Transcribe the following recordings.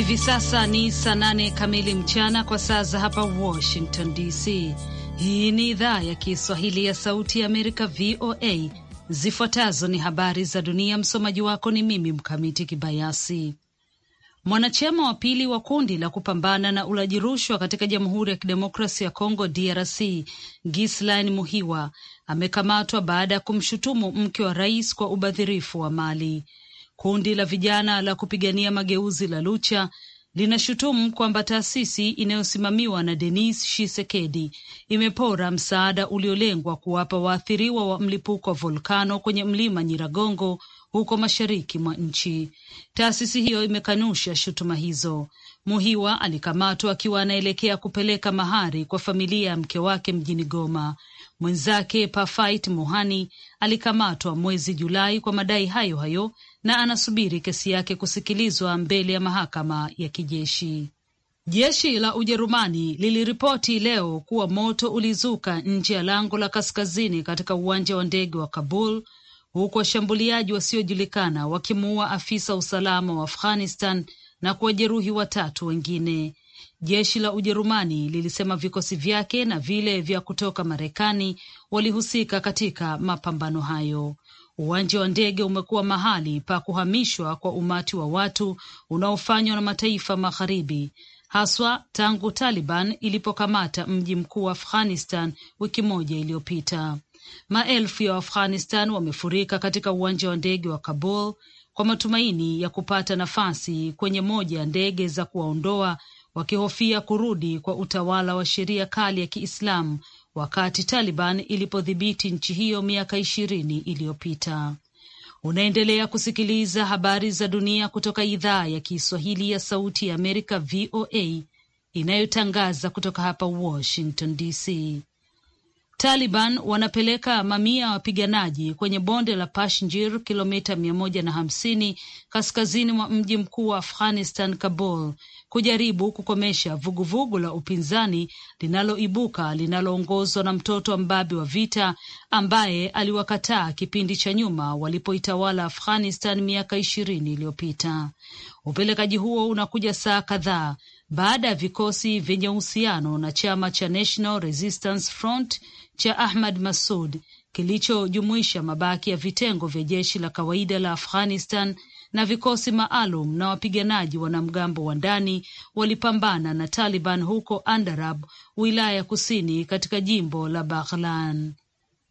Hivi sasa ni saa nane kamili mchana kwa saa za hapa Washington DC. Hii ni idhaa ya Kiswahili ya Sauti ya Amerika, VOA. Zifuatazo ni habari za dunia. Msomaji wako ni mimi Mkamiti Kibayasi. Mwanachama wa pili wa kundi la kupambana na ulaji rushwa katika Jamhuri ya Kidemokrasia ya Kongo, DRC, gislin Muhiwa amekamatwa baada ya kumshutumu mke wa rais kwa ubadhirifu wa mali. Kundi la vijana la kupigania mageuzi la Lucha linashutumu kwamba taasisi inayosimamiwa na Denis Shisekedi imepora msaada uliolengwa kuwapa waathiriwa wa mlipuko wa volkano kwenye mlima Nyiragongo huko mashariki mwa nchi. Taasisi hiyo imekanusha shutuma hizo. Muhiwa alikamatwa akiwa anaelekea kupeleka mahari kwa familia ya mke wake mjini Goma. Mwenzake Pafait Muhani alikamatwa mwezi Julai kwa madai hayo hayo na anasubiri kesi yake kusikilizwa mbele ya mahakama ya kijeshi. Jeshi la Ujerumani liliripoti leo kuwa moto ulizuka nje ya lango la kaskazini katika uwanja wa ndege wa Kabul huku washambuliaji wasiojulikana wakimuua afisa usalama wa Afghanistan na kuwajeruhi watatu wengine. Jeshi la Ujerumani lilisema vikosi vyake na vile vya kutoka Marekani walihusika katika mapambano hayo. Uwanja wa ndege umekuwa mahali pa kuhamishwa kwa umati wa watu unaofanywa na mataifa magharibi, haswa tangu Taliban ilipokamata mji mkuu wa Afghanistan wiki moja iliyopita. Maelfu ya Waafghanistan wamefurika katika uwanja wa ndege wa Kabul kwa matumaini ya kupata nafasi kwenye moja ya ndege za kuwaondoa, wakihofia kurudi kwa utawala wa sheria kali ya Kiislamu wakati Taliban ilipodhibiti nchi hiyo miaka ishirini iliyopita. Unaendelea kusikiliza habari za dunia kutoka idhaa ya Kiswahili ya Sauti ya Amerika, VOA, inayotangaza kutoka hapa Washington DC. Taliban wanapeleka mamia ya wapiganaji kwenye bonde la Pashnjir, kilomita mia moja na hamsini kaskazini mwa mji mkuu wa Afghanistan, Kabul, kujaribu kukomesha vuguvugu vugu la upinzani linaloibuka linaloongozwa na mtoto wa mbabe wa vita ambaye aliwakataa kipindi cha nyuma walipoitawala Afghanistan miaka ishirini iliyopita. Upelekaji huo unakuja saa kadhaa baada ya vikosi vyenye uhusiano na chama cha National Resistance Front cha Ahmad Masud kilichojumuisha mabaki ya vitengo vya jeshi la kawaida la Afghanistan na vikosi maalum na wapiganaji wanamgambo wa ndani walipambana na Taliban huko Andarab, wilaya ya kusini katika jimbo la Baghlan.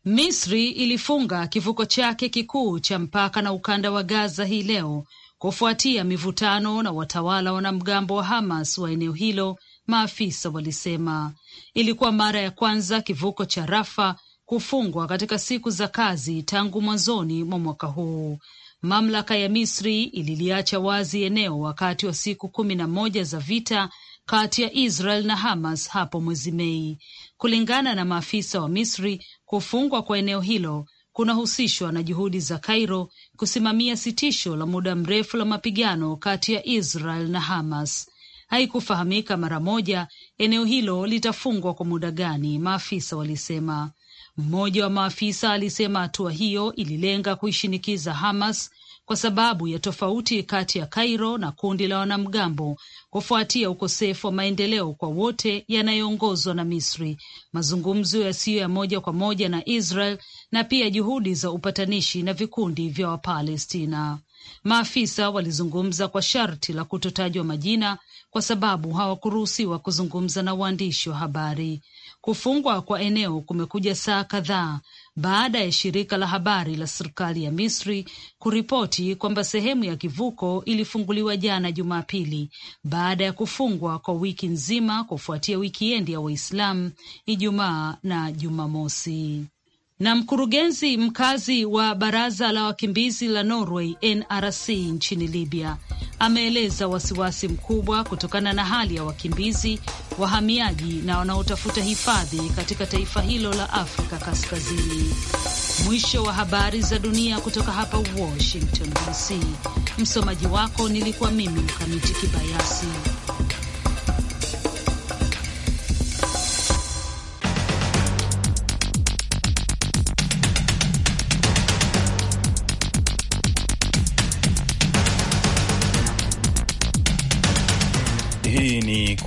Misri ilifunga kivuko chake kikuu cha mpaka na ukanda wa Gaza hii leo kufuatia mivutano na watawala wanamgambo wa Hamas wa eneo hilo, maafisa walisema. Ilikuwa mara ya kwanza kivuko cha Rafa kufungwa katika siku za kazi tangu mwanzoni mwa mwaka huu. Mamlaka ya Misri ililiacha wazi eneo wakati wa siku kumi na moja za vita kati ya Israel na Hamas hapo mwezi Mei. Kulingana na maafisa wa Misri, kufungwa kwa eneo hilo kunahusishwa na juhudi za Cairo kusimamia sitisho la muda mrefu la mapigano kati ya Israel na Hamas. Haikufahamika mara moja eneo hilo litafungwa kwa muda gani, maafisa walisema. Mmoja wa maafisa alisema hatua hiyo ililenga kuishinikiza Hamas kwa sababu ya tofauti kati ya Cairo na kundi la wanamgambo kufuatia ukosefu wa maendeleo kwa wote yanayoongozwa na Misri, mazungumzo yasiyo ya moja kwa moja na Israel na pia juhudi za upatanishi na vikundi vya Wapalestina. Maafisa walizungumza kwa sharti la kutotajwa majina kwa sababu hawakuruhusiwa kuzungumza na waandishi wa habari. Kufungwa kwa eneo kumekuja saa kadhaa baada ya shirika la habari la serikali ya Misri kuripoti kwamba sehemu ya kivuko ilifunguliwa jana Jumapili baada ya kufungwa kwa wiki nzima kufuatia wikiendi ya Waislamu Ijumaa na Jumamosi. Na mkurugenzi mkazi wa baraza la wakimbizi la Norway NRC nchini Libya ameeleza wasiwasi mkubwa kutokana na hali ya wakimbizi, wahamiaji na wanaotafuta hifadhi katika taifa hilo la Afrika Kaskazini. Mwisho wa habari za dunia kutoka hapa Washington DC. Msomaji wako nilikuwa mimi Mkamiti Kibayasi.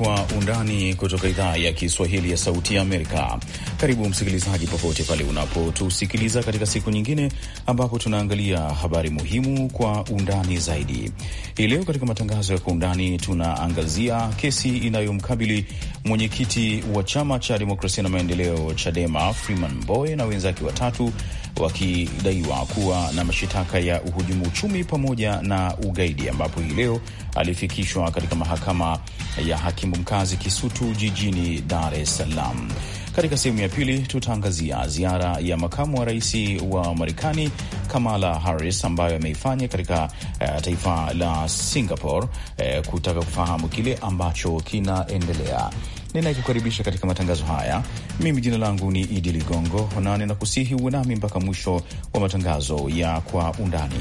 Wow. Undani kutoka idhaa ya Kiswahili ya Sauti ya Amerika. Karibu msikilizaji, popote pale unapotusikiliza katika siku nyingine ambapo tunaangalia habari muhimu kwa undani zaidi. Hii leo katika matangazo ya Kwa Undani tunaangazia kesi inayomkabili mwenyekiti wa chama cha demokrasia na maendeleo CHADEMA Freeman Mbowe na wenzake watatu wakidaiwa kuwa na mashitaka ya uhujumu uchumi pamoja na ugaidi, ambapo hii leo alifikishwa katika mahakama ya hakimu makazi Kisutu jijini Dar es Salaam. Katika sehemu ya pili tutaangazia ziara ya makamu wa rais wa Marekani Kamala Harris ambayo ameifanya katika uh, taifa la Singapore uh, kutaka kufahamu kile ambacho kinaendelea. Ninayekukaribisha katika matangazo haya mimi jina langu ni Idi Ligongo na ninakusihi uwe nami mpaka mwisho wa matangazo ya kwa undani.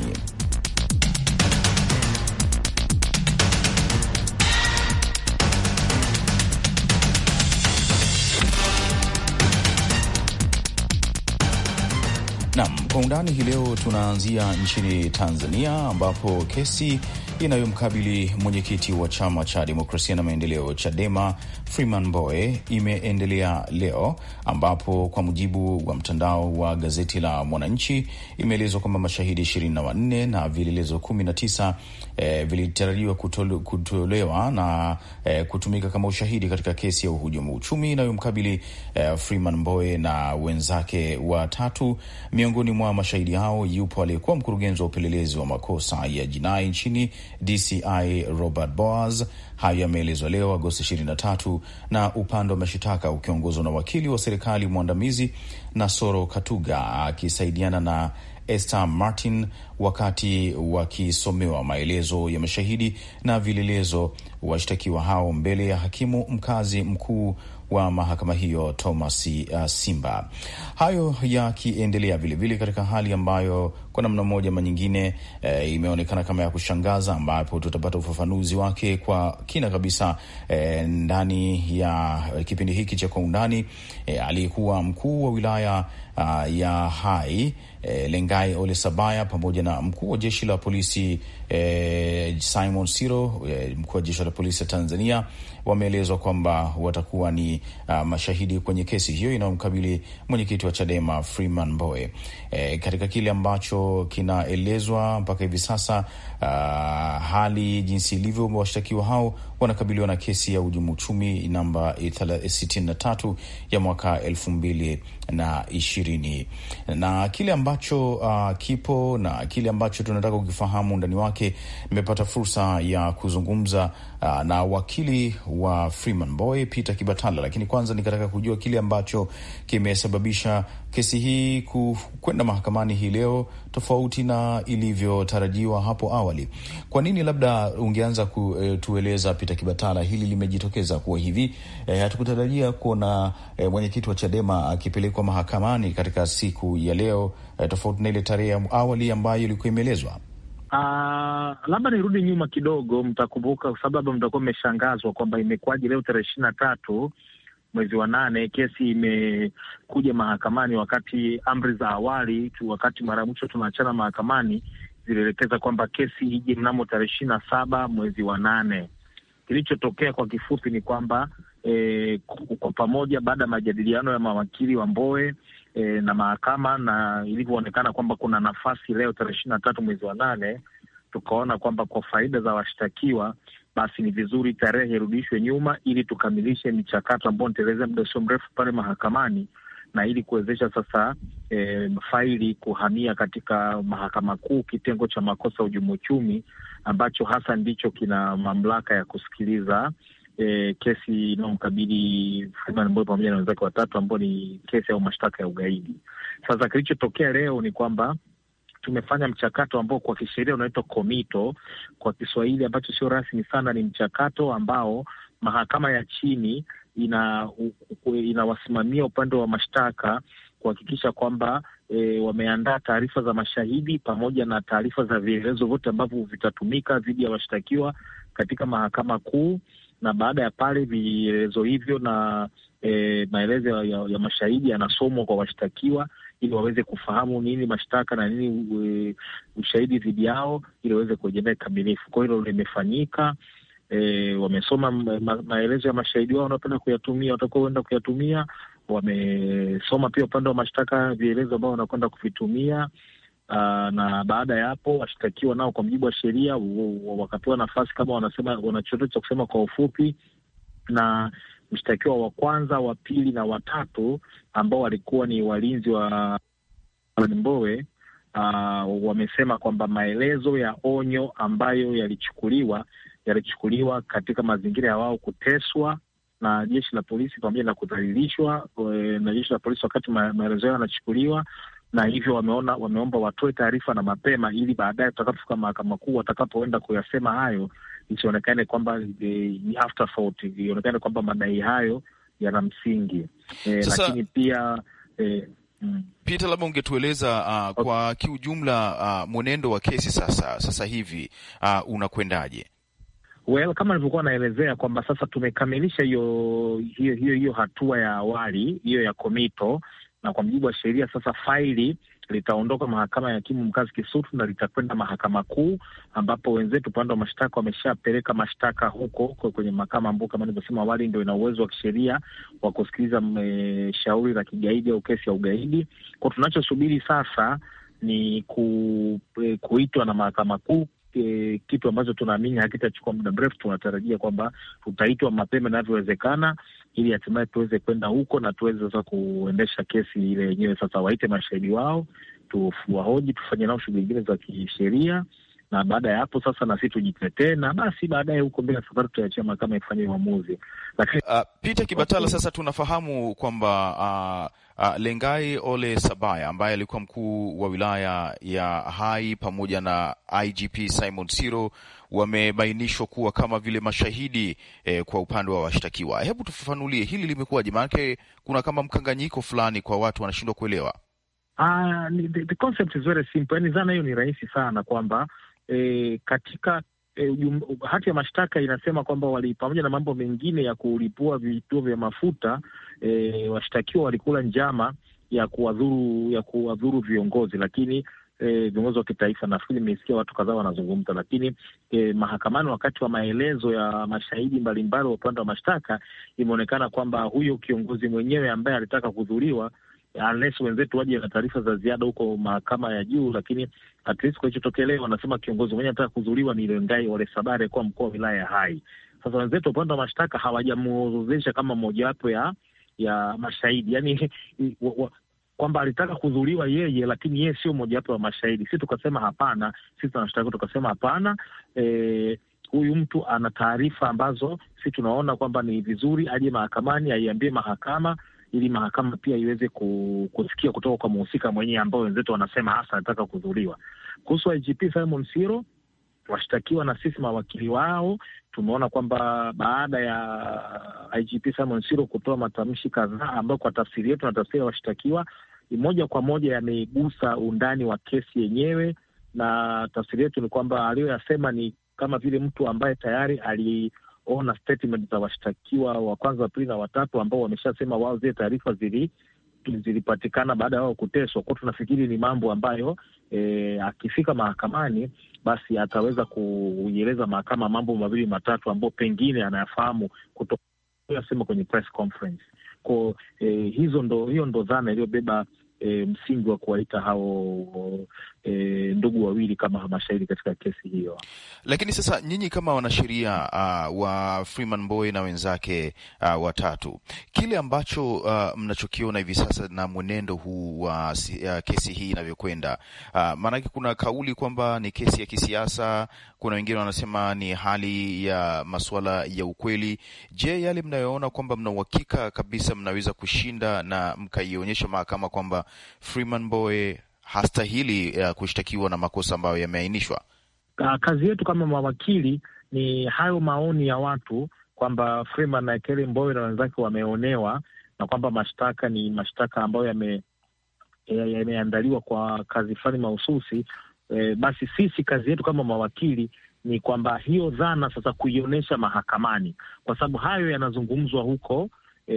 Kwa undani hii leo tunaanzia nchini Tanzania ambapo kesi inayomkabili mwenyekiti wa chama cha demokrasia na maendeleo Chadema Freeman Mbowe imeendelea leo, ambapo kwa mujibu wa mtandao wa gazeti la Mwananchi imeelezwa kwamba mashahidi 24 na wanne na vielelezo kumi na eh, vilitarajiwa kutole, kutolewa na eh, kutumika kama ushahidi katika kesi ya uhujumu uchumi inayomkabili eh, Freeman Mbowe na wenzake watatu. Miongoni mwa mashahidi hao yupo aliyekuwa mkurugenzi wa upelelezi wa makosa ya jinai nchini DCI Robert Boas. Hayo yameelezwa leo Agosti 23 na upande wa mashitaka ukiongozwa na wakili wa serikali mwandamizi Nasoro Katuga akisaidiana na Esther Martin wakati wakisomewa maelezo ya mashahidi na vilelezo washtakiwa hao mbele ya hakimu mkazi mkuu wa mahakama hiyo Thomas uh, Simba. Hayo yakiendelea vilevile katika hali ambayo kwa namna moja ama nyingine e, imeonekana kama ya kushangaza, ambapo tutapata ufafanuzi wake kwa kina kabisa e, ndani ya kipindi hiki cha kwa undani. E, aliyekuwa mkuu wa wilaya a, ah, ya Hai e, Lengai Ole Sabaya pamoja na mkuu wa jeshi la polisi e, Simon Siro e, mkuu wa jeshi la polisi ya Tanzania wameelezwa kwamba watakuwa ni uh, mashahidi kwenye kesi hiyo inayomkabili mwenyekiti wa Chadema Freeman Mbowe e, katika kile ambacho kinaelezwa mpaka hivi sasa, uh, hali jinsi ilivyo, washtakiwa hao wanakabiliwa na kesi ya hujumu uchumi namba 63 ya mwaka elfu mbili na ishirini na kile ambacho uh, kipo na kile ambacho tunataka kukifahamu ndani wake. Nimepata fursa ya kuzungumza uh, na wakili wa Freeman Boy Peter Kibatala, lakini kwanza nikataka kujua kile ambacho kimesababisha kesi hii kwenda mahakamani hii leo tofauti na ilivyotarajiwa hapo awali. Kwa nini labda ungeanza kutueleza eh, Peter kuleta kibatala hili limejitokeza kuwa hivi e, hatukutarajia kuona e, mwenyekiti wa Chadema akipelekwa mahakamani katika siku ya leo e, tofauti na ile tarehe ya awali ambayo ilikuwa imeelezwa. Uh, labda nirudi nyuma kidogo, mtakumbuka kwa sababu mtakuwa mmeshangazwa kwamba imekuwaje leo tarehe ishirini na tatu mwezi wa nane kesi imekuja mahakamani, wakati amri za awali tu, wakati mara mwisho tunaachana mahakamani zilielekeza kwamba kesi ije mnamo tarehe ishirini na saba mwezi wa nane. Kilichotokea kwa kifupi ni kwamba e, kwa pamoja baada ya majadiliano ya mawakili wa mboe e, na mahakama na ilivyoonekana kwamba kuna nafasi leo tarehe ishirini na tatu mwezi wa nane, tukaona kwamba kwa faida za washtakiwa basi ni vizuri tarehe irudishwe nyuma ili tukamilishe michakato ambayo nitaelezea muda sio mrefu pale mahakamani na ili kuwezesha sasa e, faili kuhamia katika mahakama kuu, kitengo cha makosa hujumu uchumi ambacho hasa ndicho kina mamlaka ya kusikiliza e, kesi inayomkabili Freeman Mbowe pamoja na wenzake watatu ambao ni kesi au mashtaka ya ugaidi. Sasa kilichotokea leo ni kwamba tumefanya mchakato ambao kwa kisheria unaitwa komito kwa Kiswahili, ambacho sio rasmi sana. Ni mchakato ambao mahakama ya chini ina inawasimamia upande wa mashtaka kuhakikisha kwamba e, wameandaa taarifa za mashahidi pamoja na taarifa za vielezo vyote ambavyo vitatumika dhidi ya washtakiwa katika mahakama kuu, na baada ya pale vielezo hivyo na e, maelezo ya, ya mashahidi yanasomwa kwa washtakiwa ili waweze kufahamu nini mashtaka na nini e, ushahidi dhidi yao ili waweze kuegemea kikamilifu. Kwa hilo limefanyika e, wamesoma maelezo ya mashahidi wao wanaopenda kuyatumia watakuwa kuyatumia. Wamesoma pia upande wa mashtaka vielezo ambao wanakwenda kuvitumia. Uh, na baada ya hapo washtakiwa nao kwa mujibu wa sheria wakapewa nafasi kama wanasema wana chochote cha kusema kwa ufupi, na mshtakiwa wa kwanza, wa pili na watatu ambao walikuwa ni walinzi wa Mbowe wamesema kwamba maelezo ya onyo ambayo yalichukuliwa yalichukuliwa katika mazingira ya wao kuteswa na jeshi la polisi pamoja na kudhalilishwa eh, na jeshi la polisi wakati maelezo yao yanachukuliwa, na hivyo wameona, wameomba watoe taarifa na mapema, ili baadaye tutakapofika mahakama kuu watakapoenda kuyasema hayo isionekane kwamba eh, afterthought, ionekane kwamba madai hayo yana msingi e, Sasa... lakini pia e, Mm. Peter, labda ungetueleza uh, ah, okay, kwa kiujumla uh, mwenendo wa kesi sasa sasa hivi uh, unakwendaje? Well, kama nilivyokuwa anaelezea kwamba sasa tumekamilisha hiyo hiyo hiyo hatua ya awali hiyo ya komito, na kwa mujibu wa sheria sasa faili litaondoka mahakama ya hakimu mkazi Kisutu na litakwenda mahakama kuu, ambapo wenzetu upande wa mashtaka wameshapeleka mashtaka huko kwenye mahakama ambayo kama nilivyosema awali ndio ina uwezo wa kisheria wa kusikiliza mm, shauri la kigaidi au kesi ya ugaidi. Kwa tunachosubiri sasa ni ku, eh, kuitwa na mahakama kuu e, kitu ambacho tunaamini hakitachukua muda mrefu. Tunatarajia kwamba tutaitwa mapema inavyowezekana, ili hatimaye tuweze kwenda huko na tuweze sasa kuendesha kesi ile yenyewe. Sasa waite mashahidi wao, tuwahoji, tufanye nao shughuli zingine za kisheria na baada ya hapo sasa na sisi tujite tena, basi baadaye huko mbele safari tutaachia mahakama ifanye uamuzi. Lakini uh, Peter Kibatala, sasa tunafahamu kwamba uh, uh, Lengai Ole Sabaya ambaye alikuwa mkuu wa wilaya ya Hai pamoja na IGP Simon Siro wamebainishwa kuwa kama vile mashahidi eh, kwa upande wa washtakiwa. Hebu tufafanulie hili limekuwaje? Maanake kuna kama mkanganyiko fulani kwa watu wanashindwa kuelewa. Uh, the, the concept is very simple. Yani, dhana hiyo ni rahisi sana kwamba e, katika e, um, hati ya mashtaka inasema kwamba wali pamoja na mambo mengine ya kulipua vituo vya mafuta e, washtakiwa walikula njama ya kuwadhuru ya kuwadhuru viongozi lakini E, viongozi wa kitaifa. Nafikiri nimesikia watu kadhaa wanazungumza, lakini e, mahakamani, wakati wa maelezo ya mashahidi mbalimbali wa upande wa mashtaka, imeonekana kwamba huyo kiongozi mwenyewe ambaye alitaka kudhuriwa unless wenzetu waje na taarifa za ziada huko mahakama ya juu, lakini at least kilichotokea leo wanasema kiongozi mwenyewe anataka kuzuliwa ni Lengai Ole Sabare kuwa mkuu wa wilaya ya Hai. Sasa wenzetu upande wa mashtaka hawajamuozesha kama mojawapo ya ya mashahidi yani kwamba alitaka kuzuliwa yeye, lakini yeye sio mojawapo wa mashahidi. Si tukasema hapana, sisi tunashtaki, tukasema hapana, e, huyu mtu ana taarifa ambazo si tunaona kwamba ni vizuri aje mahakamani aiambie mahakama ili mahakama pia iweze kusikia kutoka kwa mhusika mwenyewe, ambao wenzetu wanasema hasa anataka kudhuriwa. Kuhusu IGP Simon Siro, washtakiwa na sisi mawakili wao tumeona kwamba baada ya IGP Simon Siro kutoa matamshi kadhaa ambayo kwa tafsiri yetu na tafsiri ya washtakiwa moja kwa moja yameigusa undani wa kesi yenyewe, na tafsiri yetu ni kwamba aliyoyasema ni kama vile mtu ambaye tayari ali ona statement za washtakiwa wa kwanza, wa pili na watatu ambao wameshasema wao zile taarifa zili zilipatikana baada ya wao kuteswa kwao. Tunafikiri ni mambo ambayo e, akifika mahakamani basi ataweza kuieleza mahakama mambo mawili matatu ambayo pengine anayafahamu kutoyasema kwenye press conference ko e, hizo ndo, hiyo ndo dhana iliyobeba e, msingi wa kuwaita hao e, ndugu wawili kama mashahidi katika kesi hiyo. Lakini sasa nyinyi kama wanasheria uh, wa Freeman Mbowe na wenzake uh, watatu, kile ambacho uh, mnachokiona hivi sasa na mwenendo huu wa uh, uh, kesi hii inavyokwenda uh, maanake kuna kauli kwamba ni kesi ya kisiasa, kuna wengine wanasema ni hali ya masuala ya ukweli. Je, yale mnayoona kwamba mna uhakika kabisa mnaweza kushinda na mkaionyesha mahakama kwamba Freeman Mbowe hastahili uh, kushtakiwa na makosa ambayo yameainishwa. Uh, kazi yetu kama mawakili ni hayo maoni ya watu kwamba Freeman na Kelly Mbowe na wenzake wameonewa na kwamba mashtaka ni mashtaka ambayo yame yameandaliwa kwa kazi fulani mahususi. E, basi sisi kazi yetu kama mawakili ni kwamba hiyo dhana sasa kuionyesha mahakamani, kwa sababu hayo yanazungumzwa huko e,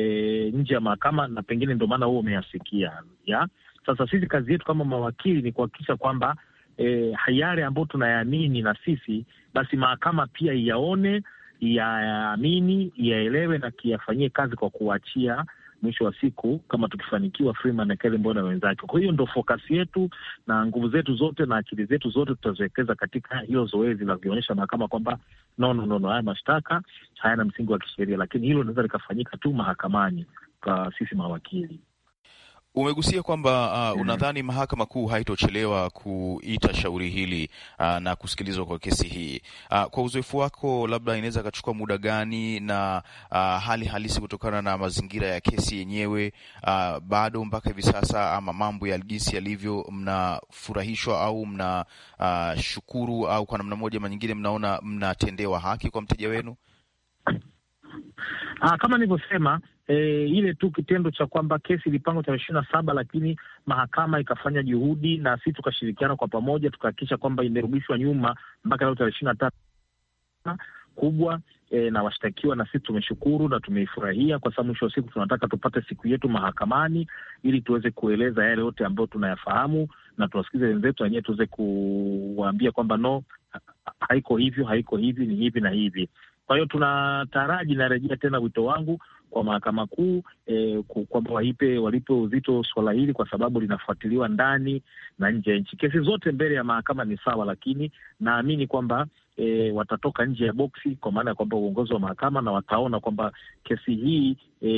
nje ya mahakama, na pengine ndio maana huo umeyasikia ya sasa sisi kazi yetu kama mawakili ni kuhakikisha kwamba e, eh, yale ambayo tunayaamini na sisi basi mahakama pia iyaone, iyaamini, iyaelewe na kiyafanyie kazi kwa kuachia mwisho wa siku kama tukifanikiwa Freeman na Kelly wenzake. Kwa hiyo ndo fokasi yetu na nguvu zetu zote na akili zetu zote tutaziwekeza katika hilo zoezi la kuonyesha mahakama kwamba no, no, no, no, haya mashtaka hayana msingi wa kisheria, lakini hilo linaweza likafanyika tu mahakamani kwa sisi mawakili. Umegusia kwamba uh, unadhani mahakama kuu haitochelewa kuita shauri hili uh, na kusikilizwa kwa kesi hii uh, kwa uzoefu wako, labda inaweza akachukua muda gani na uh, hali halisi kutokana na mazingira ya kesi yenyewe uh, bado mpaka hivi sasa, ama mambo ya jinsi yalivyo, mnafurahishwa au mnashukuru uh, au kwa namna moja manyingine nyingine mnaona mnatendewa haki kwa mteja wenu? Aa, kama nilivyosema e, ile tu kitendo cha kwamba kesi ilipangwa tarehe ishirini na saba lakini mahakama ikafanya juhudi na sisi tukashirikiana kwa pamoja tukahakikisha kwamba imerudishwa nyuma mpaka leo tarehe ishirini na tatu kubwa e, na washtakiwa na sisi tumeshukuru na tumeifurahia, kwa sababu mwisho wa siku tunataka tupate siku yetu mahakamani ili tuweze kueleza yale yote ambayo tunayafahamu na tuwasikize wenzetu wenyewe tuweze kuwaambia kwamba no, haiko hivyo, haiko hivi, ni hivi na hivi. Kwa hiyo tunataraji, narejea tena wito wangu kwa mahakama kuu e, kwamba waipe walipe uzito suala hili kwa sababu linafuatiliwa ndani na nje ya nchi. Kesi zote mbele ya mahakama ni sawa, lakini naamini kwamba E, watatoka nje ya boksi kwa maana ya kwamba uongozi wa mahakama na wataona kwamba kesi hii e,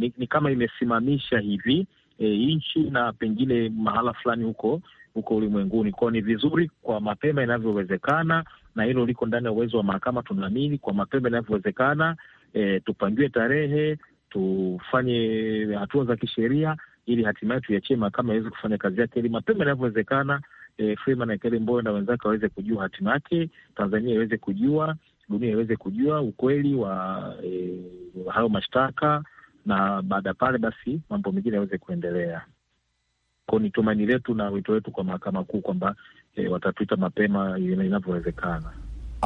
ni, ni kama imesimamisha hivi e, nchi na pengine mahala fulani huko huko ulimwenguni kwao. Ni vizuri kwa mapema inavyowezekana, na hilo liko ndani ya uwezo wa mahakama. Tunaamini kwa mapema inavyowezekana e, tupangiwe tarehe, tufanye hatua za kisheria ili hatimaye tuiachie mahakama iweze kufanya kazi yake ili mapema inavyowezekana. E, Freeman Aikaeli Mbowe na wenzake waweze kujua hatima yake, Tanzania iweze kujua, dunia iweze kujua ukweli wa e, hayo mashtaka, na baada ya pale basi mambo mengine yaweze kuendelea. Kwao ni tumaini letu na wito wetu kwa mahakama kuu kwamba e, watatuita mapema inavyowezekana.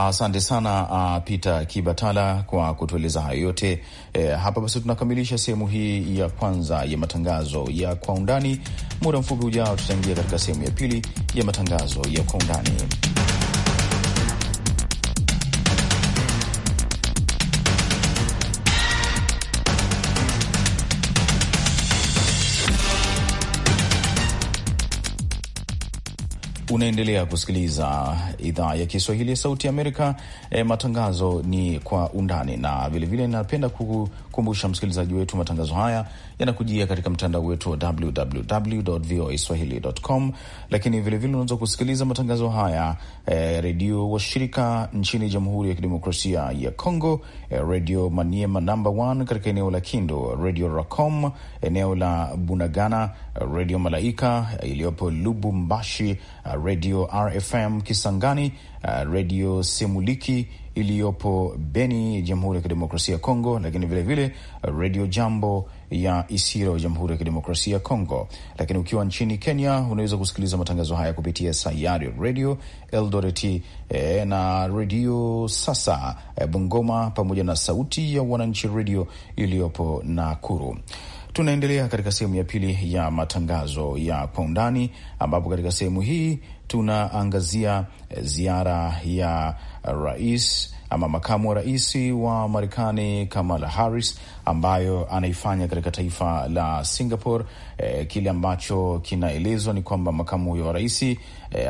Asante sana uh, Peter Kibatala kwa kutueleza hayo yote. E, hapa basi tunakamilisha sehemu hii ya kwanza ya matangazo ya kwa undani. Muda mfupi ujao, tutaingia katika sehemu ya pili ya matangazo ya kwa undani. Unaendelea kusikiliza idhaa ya Kiswahili ya Sauti ya Amerika. E, matangazo ni kwa undani na vilevile, napenda kuku Kumbusha msikilizaji wetu, matangazo haya yanakujia katika mtandao wetu wa www voa swahilicom, lakini vilevile unaweza kusikiliza matangazo haya eh, redio washirika nchini Jamhuri ya Kidemokrasia ya Kongo eh, Redio Maniema namba 1 katika eneo la kindo Redio Racom eneo la Bunagana, Redio Malaika iliyopo Lubumbashi, eh, Redio RFM Kisangani Uh, redio Semuliki iliyopo Beni, Jamhuri ya Kidemokrasia ya Kongo, lakini vilevile uh, redio Jambo ya Isiro, Jamhuri ya Kidemokrasia ya Kongo. Lakini ukiwa nchini Kenya, unaweza kusikiliza matangazo haya kupitia Sayari Redio Eldoret eh, na redio Sasa eh, Bungoma, pamoja na Sauti ya Wananchi redio iliyopo Nakuru. Tunaendelea katika sehemu ya pili ya matangazo ya Kwa Undani, ambapo katika sehemu hii tunaangazia eh, ziara ya rais ama makamu wa rais wa Marekani Kamala Harris ambayo anaifanya katika taifa la Singapore. E, kile ambacho kinaelezwa ni kwamba makamu huyo wa rais e,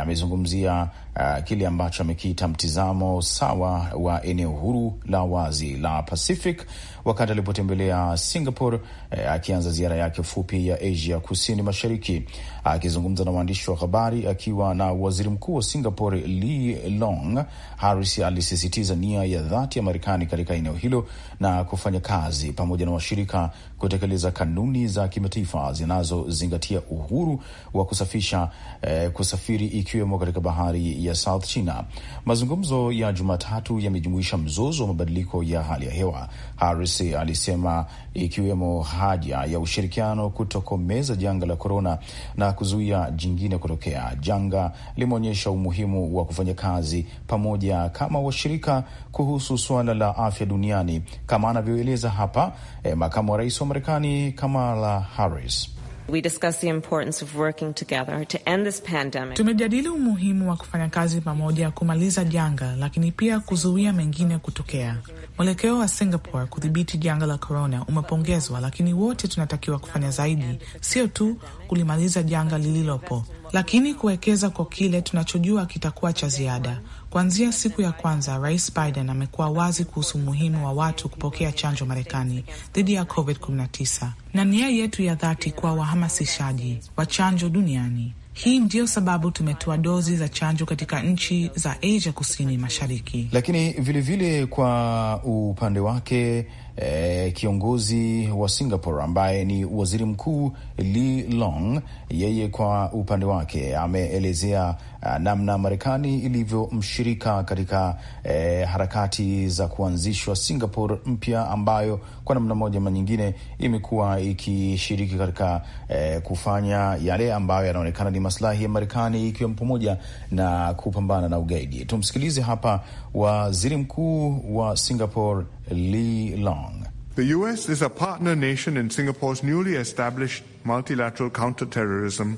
amezungumzia a, e, kile ambacho amekiita mtizamo sawa wa eneo huru la wazi la Pacific wakati alipotembelea Singapore e, akianza ziara yake fupi ya Asia kusini mashariki. Akizungumza na waandishi wa habari akiwa na waziri mkuu wa Singapore Lee Long, Harris alisisitiza nia ya dhati ya Marekani katika eneo hilo na kufanya kazi pamoja pamoja na washirika kutekeleza kanuni za kimataifa zinazozingatia uhuru wa kusafisha eh, kusafiri ikiwemo katika bahari ya South China. Mazungumzo ya Jumatatu yamejumuisha mzozo wa mabadiliko ya hali ya hewa, Harris alisema, ikiwemo haja ya ushirikiano kutokomeza janga la korona na kuzuia jingine kutokea. Janga limeonyesha umuhimu wa kufanya kazi pamoja kama washirika kuhusu suala la afya duniani, kama anavyoeleza hapa eh, makamu wa rais wa Marekani Kamala Harris. We discuss the importance of working together to end this pandemic. Tumejadili umuhimu wa kufanya kazi pamoja kumaliza janga, lakini pia kuzuia mengine kutokea. Mwelekeo wa Singapore kudhibiti janga la korona umepongezwa, lakini wote tunatakiwa kufanya zaidi, sio tu kulimaliza janga lililopo, lakini kuwekeza kwa kile tunachojua kitakuwa cha ziada. Kuanzia siku ya kwanza, Rais Biden amekuwa wazi kuhusu umuhimu wa watu kupokea chanjo Marekani dhidi ya COVID-19 na nia yetu ya dhati kwa wahamasishaji wa chanjo duniani. Hii ndiyo sababu tumetoa dozi za chanjo katika nchi za Asia kusini mashariki. Lakini vilevile vile kwa upande wake eh, kiongozi wa Singapore ambaye ni waziri mkuu Lee Long, yeye kwa upande wake ameelezea Ah, namna Marekani ilivyomshirika katika eh, harakati za kuanzishwa Singapore mpya ambayo kwa namna moja ama nyingine imekuwa ikishiriki katika eh, kufanya yale ambayo yanaonekana ni maslahi ya Marekani ikiwemo pamoja na kupambana na ugaidi. Tumsikilize hapa waziri mkuu wa Singapore Lee Long. The US is a partner nation in Singapore's newly established multilateral counterterrorism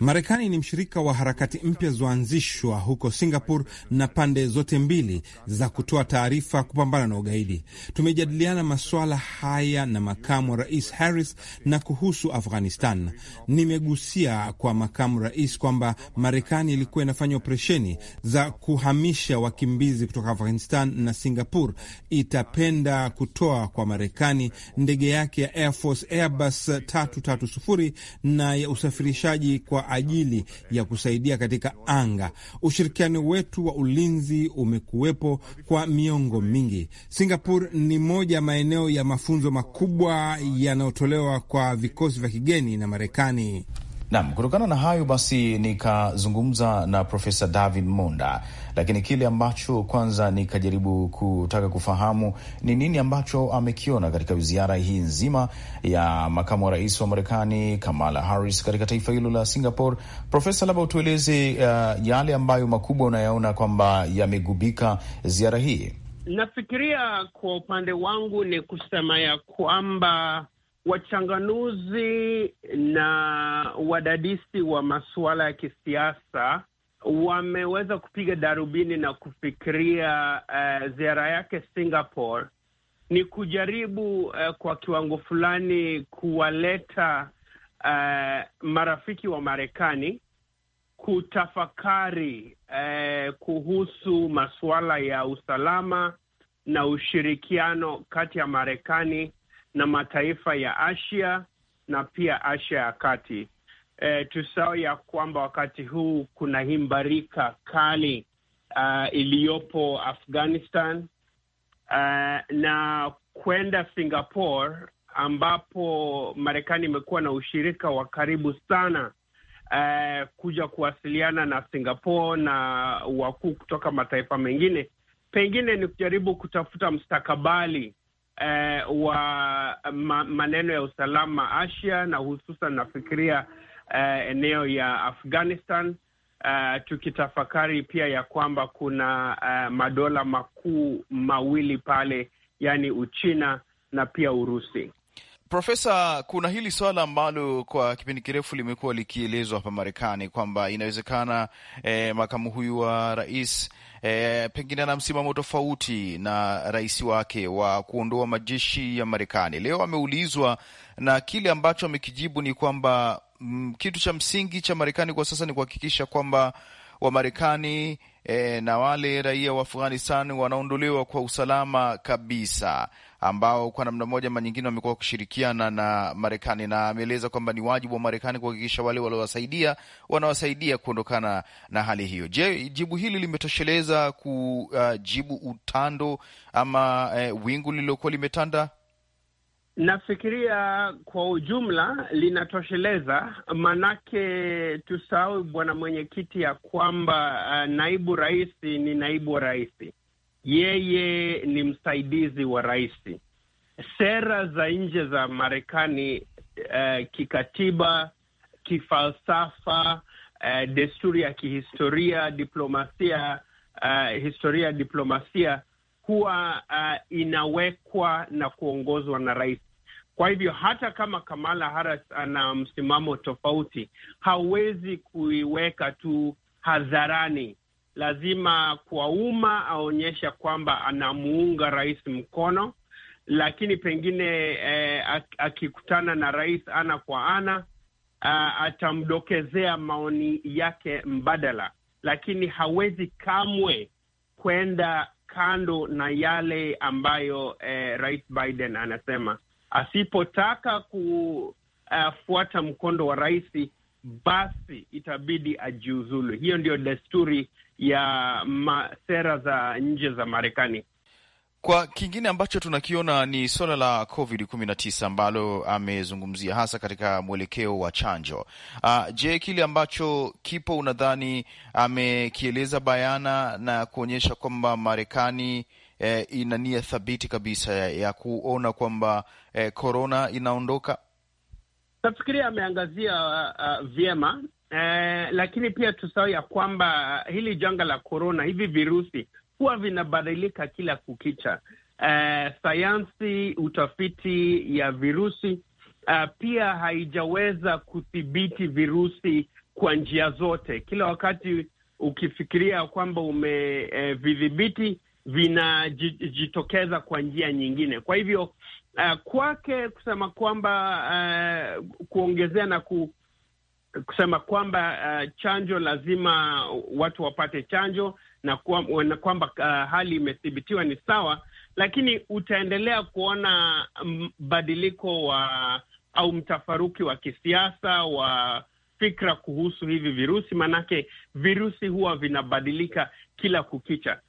Marekani ni mshirika wa harakati mpya zilizoanzishwa huko Singapore na pande zote mbili za kutoa taarifa kupambana na ugaidi. Tumejadiliana masuala haya na makamu wa rais Harris na kuhusu Afghanistan nimegusia kwa makamu rais kwamba Marekani ilikuwa inafanya operesheni za kuhamisha wakimbizi kutoka Afghanistan na Singapore itapenda kutoa kwa Marekani ndege yake ya Air Force Airbus 330 na ya usafirishaji kwa ajili ya kusaidia katika anga. Ushirikiano wetu wa ulinzi umekuwepo kwa miongo mingi. Singapore ni moja maeneo ya mafunzo makubwa yanayotolewa kwa vikosi vya kigeni na Marekani. Naam, kutokana na hayo basi nikazungumza na Profesa David Monda, lakini kile ambacho kwanza nikajaribu kutaka kufahamu ni nini ambacho amekiona katika ziara hii nzima ya makamu wa rais wa Marekani Kamala Harris katika taifa hilo la Singapore. Profesa, labda utueleze uh, yale ambayo makubwa unayaona kwamba yamegubika ziara hii. Nafikiria kwa upande wangu ni kusema ya kwamba wachanganuzi na wadadisi wa masuala ya kisiasa wameweza kupiga darubini na kufikiria uh, ziara yake Singapore ni kujaribu uh, kwa kiwango fulani kuwaleta uh, marafiki wa Marekani kutafakari uh, kuhusu masuala ya usalama na ushirikiano kati ya Marekani na mataifa ya Asia na pia Asia ya kati. E, tusao ya kwamba wakati huu kuna himbarika kali uh, iliyopo Afghanistan uh, na kwenda Singapore ambapo Marekani imekuwa na ushirika wa karibu sana uh, kuja kuwasiliana na Singapore na wakuu kutoka mataifa mengine, pengine ni kujaribu kutafuta mstakabali eh, wa ma, maneno ya usalama Asia na hususan nafikiria eh, eneo ya Afghanistan eh, tukitafakari pia ya kwamba kuna eh, madola makuu mawili pale, yaani Uchina na pia Urusi. Profesa, kuna hili swala ambalo kwa kipindi kirefu limekuwa likielezwa hapa Marekani kwamba inawezekana eh, makamu huyu wa rais eh, pengine ana msimamo tofauti na rais wake wa kuondoa majeshi ya Marekani. Leo ameulizwa na kile ambacho amekijibu ni kwamba mm, kitu cha msingi cha Marekani kwa sasa ni kuhakikisha kwamba Wamarekani eh, na wale raia wa Afghanistan wanaondolewa kwa usalama kabisa ambao kwa namna moja ama nyingine wamekuwa wakishirikiana na Marekani, na ameeleza kwamba ni wajibu wa Marekani kuhakikisha wale waliowasaidia wanawasaidia kuondokana na hali hiyo. Je, jibu hili limetosheleza kujibu uh, utando ama uh, wingu lililokuwa limetanda? Nafikiria kwa ujumla linatosheleza, manake tusahau bwana mwenyekiti ya kwamba uh, naibu rais ni naibu wa rais yeye ni msaidizi wa rais. Sera za nje za Marekani uh, kikatiba, kifalsafa, uh, desturi ya kihistoria, diplomasia, uh, historia ya diplomasia huwa uh, inawekwa na kuongozwa na rais. Kwa hivyo hata kama Kamala Harris ana msimamo tofauti, hawezi kuiweka tu hadharani lazima kwa umma aonyesha kwamba anamuunga rais mkono, lakini pengine eh, akikutana na rais ana kwa ana Uh, atamdokezea maoni yake mbadala, lakini hawezi kamwe kwenda kando na yale ambayo eh, Rais Biden anasema. Asipotaka kufuata ah, uh, mkondo wa rais, basi itabidi ajiuzulu. Hiyo ndio desturi ya sera za nje za Marekani. Kwa kingine ambacho tunakiona ni suala la COVID 19 ambalo amezungumzia hasa katika mwelekeo wa chanjo. Uh, je, kile ambacho kipo unadhani amekieleza bayana na kuonyesha kwamba Marekani eh, ina nia thabiti kabisa ya, ya kuona kwamba korona eh, inaondoka? Nafikiria ameangazia uh, vyema eh, lakini pia tusahau ya kwamba hili janga la korona, hivi virusi huwa vinabadilika kila kukicha. Eh, sayansi utafiti ya virusi eh, pia haijaweza kudhibiti virusi kwa njia zote. Kila wakati ukifikiria kwamba umevidhibiti eh, vinajitokeza kwa njia nyingine. Kwa hivyo uh, kwake kusema kwamba uh, kuongezea na ku, kusema kwamba uh, chanjo lazima watu wapate chanjo na, kwa, kwamba uh, hali imethibitiwa ni sawa, lakini utaendelea kuona mbadiliko mm, wa au mtafaruki wa kisiasa wa fikra kuhusu hivi virusi, maanake virusi huwa vinabadilika kila kukicha.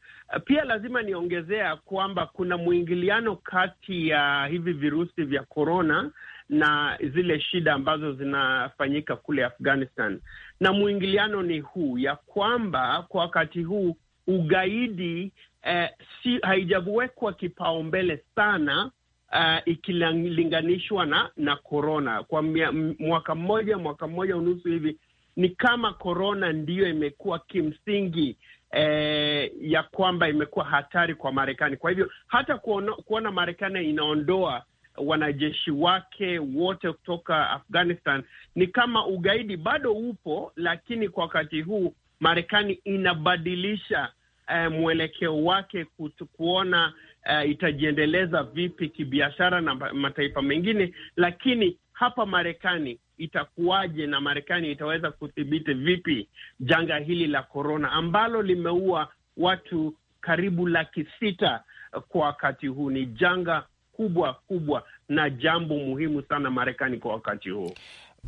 Pia lazima niongezea kwamba kuna mwingiliano kati ya hivi virusi vya korona na zile shida ambazo zinafanyika kule Afghanistan. Na mwingiliano ni huu ya kwamba kwa wakati huu ugaidi eh, si, haijawekwa kipaumbele sana eh, ikilinganishwa na na korona. Kwa mia, mwaka mmoja mwaka mmoja unusu hivi ni kama korona ndiyo imekuwa kimsingi eh, ya kwamba imekuwa hatari kwa Marekani. Kwa hivyo hata kuona, kuona Marekani inaondoa wanajeshi wake wote kutoka Afghanistan, ni kama ugaidi bado upo, lakini kwa wakati huu Marekani inabadilisha eh, mwelekeo wake kutu, kuona eh, itajiendeleza vipi kibiashara na mataifa mengine, lakini hapa Marekani itakuwaje na Marekani itaweza kudhibiti vipi janga hili la korona ambalo limeua watu karibu laki sita kwa wakati huu? Ni janga kubwa kubwa na jambo muhimu sana Marekani kwa wakati huu.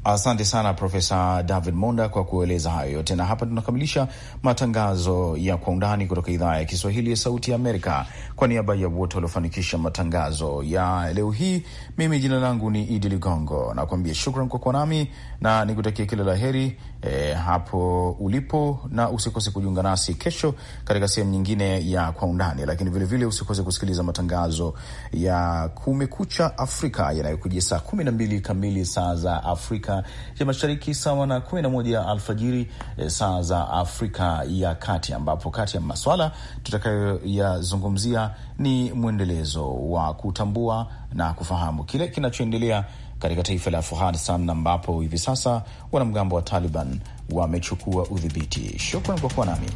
Asante sana Profesa David Monda kwa kueleza hayo yote, na hapa tunakamilisha matangazo ya Kwa Undani kutoka idhaa ya Kiswahili ya Sauti ya Amerika. Kwa niaba ya wote waliofanikisha matangazo ya leo hii, mimi jina langu ni Idi Ligongo, nakuambia shukran kwa kuwa nami na nikutakia kila la heri e, hapo ulipo, na usikose kujiunga nasi kesho katika sehemu nyingine ya kwa undani, lakini vilevile usikose kusikiliza matangazo ya Kumekucha Afrika yanayokuja saa kumi na mbili kamili saa za Afrika ya Mashariki, sawa na kumi na moja alfajiri e, saa za Afrika ya Kati, ambapo kati ya maswala tutakayoyazungumzia ni mwendelezo wa kutambua na kufahamu kile kinachoendelea katika taifa la Afghanistan, ambapo hivi sasa wanamgambo wa Taliban wamechukua udhibiti. Shukran kwa kuwa nami.